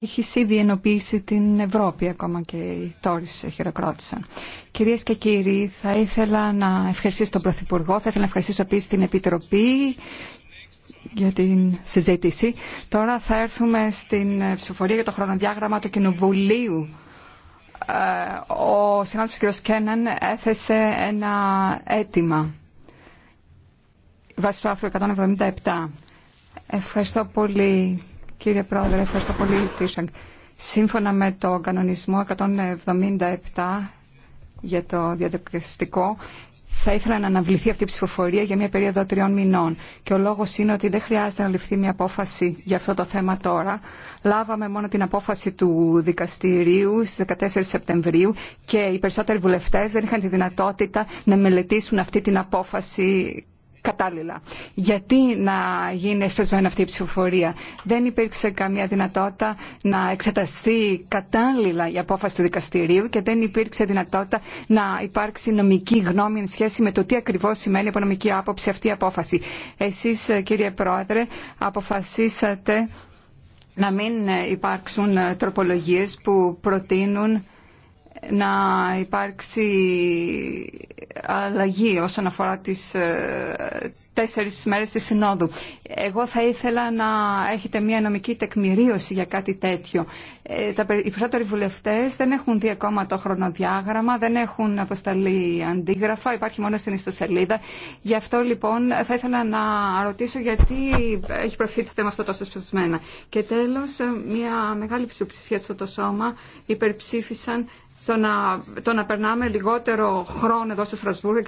Είχε ήδη ενοποιήσει την Ευρώπη, ακόμα και οι τόρις χειροκρότησαν. Κυρίες και κύριοι, θα ήθελα να ευχαριστήσω τον Πρωθυπουργό, θα ήθελα να ευχαριστήσω επίση την Επιτροπή για την συζήτηση. Τώρα θα έρθουμε στην ψηφοφορία για το χρονοδιάγραμμα του Κοινοβουλίου. Ε, ο συνάδελφος κ. Κέναν έθεσε ένα αίτημα βάσει του άρθρου 177. Ευχαριστώ πολύ. Κύριε Πρόεδρε, ευχαριστώ πολύ, Σύμφωνα με το κανονισμό 177 για το διαδικαστικό, θα ήθελα να αναβληθεί αυτή η ψηφοφορία για μια περίοδο τριών μηνών. Και ο λόγος είναι ότι δεν χρειάζεται να ληφθεί μια απόφαση για αυτό το θέμα τώρα. Λάβαμε μόνο την απόφαση του δικαστηρίου στι 14 Σεπτεμβρίου και οι περισσότεροι βουλευτέ δεν είχαν τη δυνατότητα να μελετήσουν αυτή την απόφαση κατάλληλα. Γιατί να γίνει εσπεσμένη αυτή η ψηφοφορία. Δεν υπήρξε καμία δυνατότητα να εξεταστεί κατάλληλα η απόφαση του δικαστηρίου και δεν υπήρξε δυνατότητα να υπάρξει νομική γνώμη εν σχέση με το τι ακριβώς σημαίνει από νομική άποψη αυτή η απόφαση. Εσείς κύριε Πρόεδρε αποφασίσατε να μην υπάρξουν τροπολογίες που προτείνουν να υπάρξει αλλαγή όσον αφορά τις ε, τέσσερις μέρες της Συνόδου. Εγώ θα ήθελα να έχετε μια νομική τεκμηρίωση για κάτι τέτοιο. Ε, οι περισσότεροι βουλευτές δεν έχουν δει ακόμα το χρονοδιάγραμμα, δεν έχουν αποσταλεί αντίγραφα, υπάρχει μόνο στην ιστοσελίδα. Γι' αυτό λοιπόν θα ήθελα να ρωτήσω γιατί έχει προωθεί με αυτό τόσο σπισμένα. Και τέλος, ε, μια μεγάλη ψηφία στο το σώμα υπερψήφισαν στο να, το να περνάμε λιγότερο χρόνο στο Στρασβούργο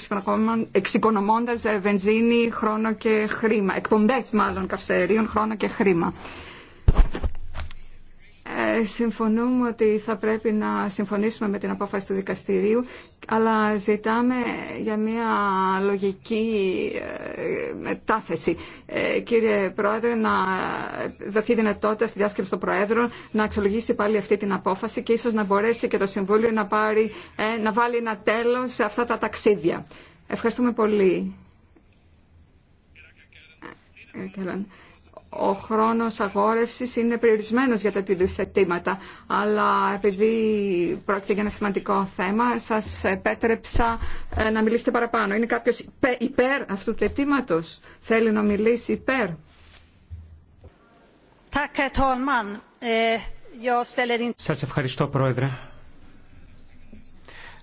εξοικονομώντα ε, βενζίνη, χρόνο και χρήμα, εκπομπέ μάλλον καυσαερίων, χρόνο και χρήμα συμφωνούμε ότι θα πρέπει να συμφωνήσουμε με την απόφαση του δικαστηρίου, αλλά ζητάμε για μια λογική ε, μετάθεση. Ε, κύριε Πρόεδρε, να δοθεί δυνατότητα στη διάσκεψη των Προέδρων να αξιολογήσει πάλι αυτή την απόφαση και ίσως να μπορέσει και το Συμβούλιο να, πάρει, ε, να βάλει ένα τέλος σε αυτά τα ταξίδια. Ευχαριστούμε πολύ ο χρόνος αγόρευσης είναι περιορισμένος για τέτοιου είδους αιτήματα, αλλά επειδή πρόκειται για ένα σημαντικό θέμα, σας επέτρεψα ε, να μιλήσετε παραπάνω. Είναι κάποιος υπέρ αυτού του αιτήματο, θέλει να μιλήσει υπέρ. Eh, σας ευχαριστώ, Πρόεδρε.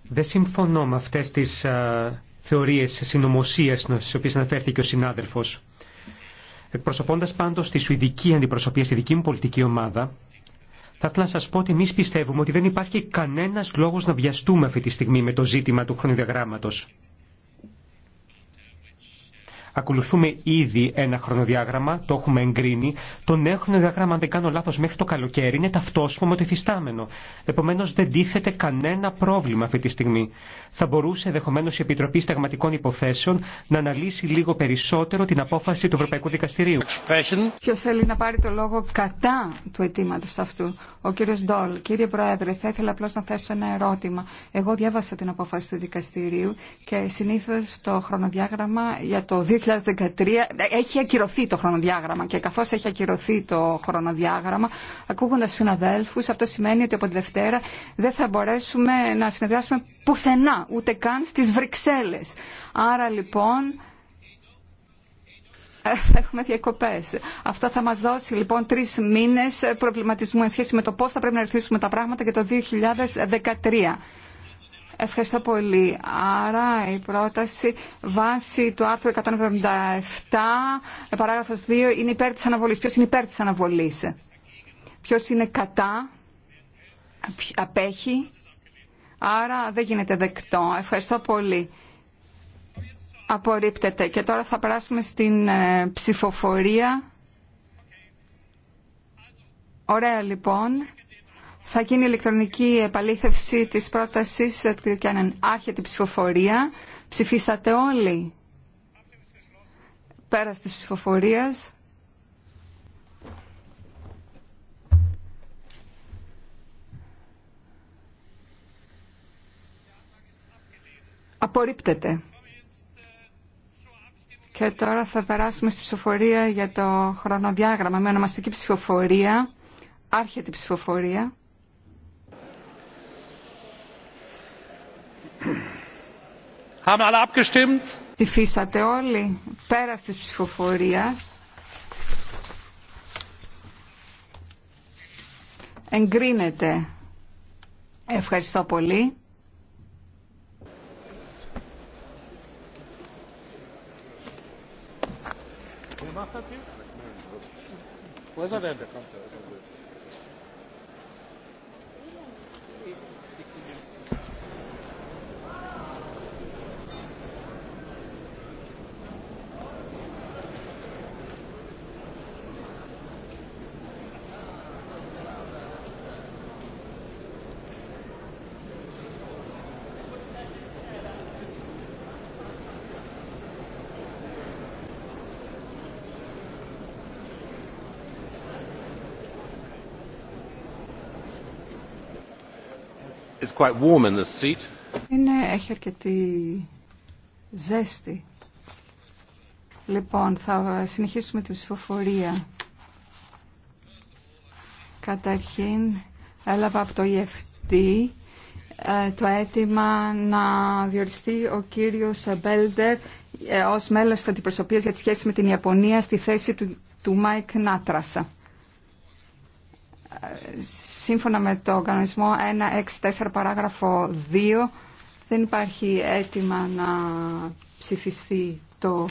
Δεν συμφωνώ με αυτές τις ε, θεωρίες συνωμοσίας στις οποίες αναφέρθηκε ο συνάδελφος. Εκπροσωπώντας πάντως τη σουηδική αντιπροσωπεία στη δική μου πολιτική ομάδα, θα ήθελα να σα πω ότι εμεί πιστεύουμε ότι δεν υπάρχει κανένα λόγο να βιαστούμε αυτή τη στιγμή με το ζήτημα του χρονοδιαγράμματο. Ακολουθούμε ήδη ένα χρονοδιάγραμμα, το έχουμε εγκρίνει. Το νέο χρονοδιάγραμμα, αν δεν κάνω λάθο, μέχρι το καλοκαίρι είναι ταυτόσιμο με το υφιστάμενο. Επομένω, δεν τίθεται κανένα πρόβλημα αυτή τη στιγμή. Θα μπορούσε ενδεχομένω η Επιτροπή Σταγματικών Υποθέσεων να αναλύσει λίγο περισσότερο την απόφαση του Ευρωπαϊκού Δικαστηρίου. Ποιο θέλει να πάρει το λόγο κατά του αιτήματο αυτού, ο κύριο Ντόλ. Κύριε Πρόεδρε, θα ήθελα απλώ να θέσω ένα ερώτημα. Εγώ διάβασα την απόφαση του δικαστηρίου και συνήθω το χρονοδιάγραμμα για το 2013 έχει ακυρωθεί το χρονοδιάγραμμα και καθώ έχει ακυρωθεί το χρονοδιάγραμμα ακούγοντας συναδέλφου, αυτό σημαίνει ότι από τη Δευτέρα δεν θα μπορέσουμε να συνεδριάσουμε πουθενά ούτε καν στις Βρυξέλλες. Άρα λοιπόν θα έχουμε διακοπέ. Αυτό θα μα δώσει λοιπόν τρει μήνε προβληματισμού εν σχέση με το πώ θα πρέπει να ρυθμίσουμε τα πράγματα για το 2013. Ευχαριστώ πολύ. Άρα η πρόταση βάσει του άρθρου 177 παράγραφος 2 είναι υπέρ της αναβολής. Ποιος είναι υπέρ της αναβολής. Ποιος είναι κατά. Απέχει. Άρα δεν γίνεται δεκτό. Ευχαριστώ πολύ. Απορρίπτεται. Και τώρα θα περάσουμε στην ε, ψηφοφορία. Ωραία λοιπόν. Θα γίνει ηλεκτρονική επαλήθευση της πρότασης του κ. Κιάνεν. Άρχεται η ψηφοφορία. Ψηφίσατε όλοι. Πέρας της ψηφοφορίας. Απορρίπτεται. Και τώρα θα περάσουμε στη ψηφοφορία για το χρονοδιάγραμμα. Με ονομαστική ψηφοφορία. Άρχεται η ψηφοφορία. Ψηφίσατε όλοι πέρα τη ψηφοφορία. Εγκρίνεται. Ευχαριστώ πολύ. Είναι, έχει αρκετή ζέστη. Λοιπόν, θα συνεχίσουμε τη ψηφοφορία. Καταρχήν, έλαβα από το EFT ε, το αίτημα να διοριστεί ο κύριος Μπέλντερ ε, ως μέλος της αντιπροσωπείας για τις σχέσεις με την Ιαπωνία στη θέση του, του Μάικ Νάτρασα σύμφωνα με το κανονισμό 164 παράγραφο 2 δεν υπάρχει αίτημα να ψηφιστεί το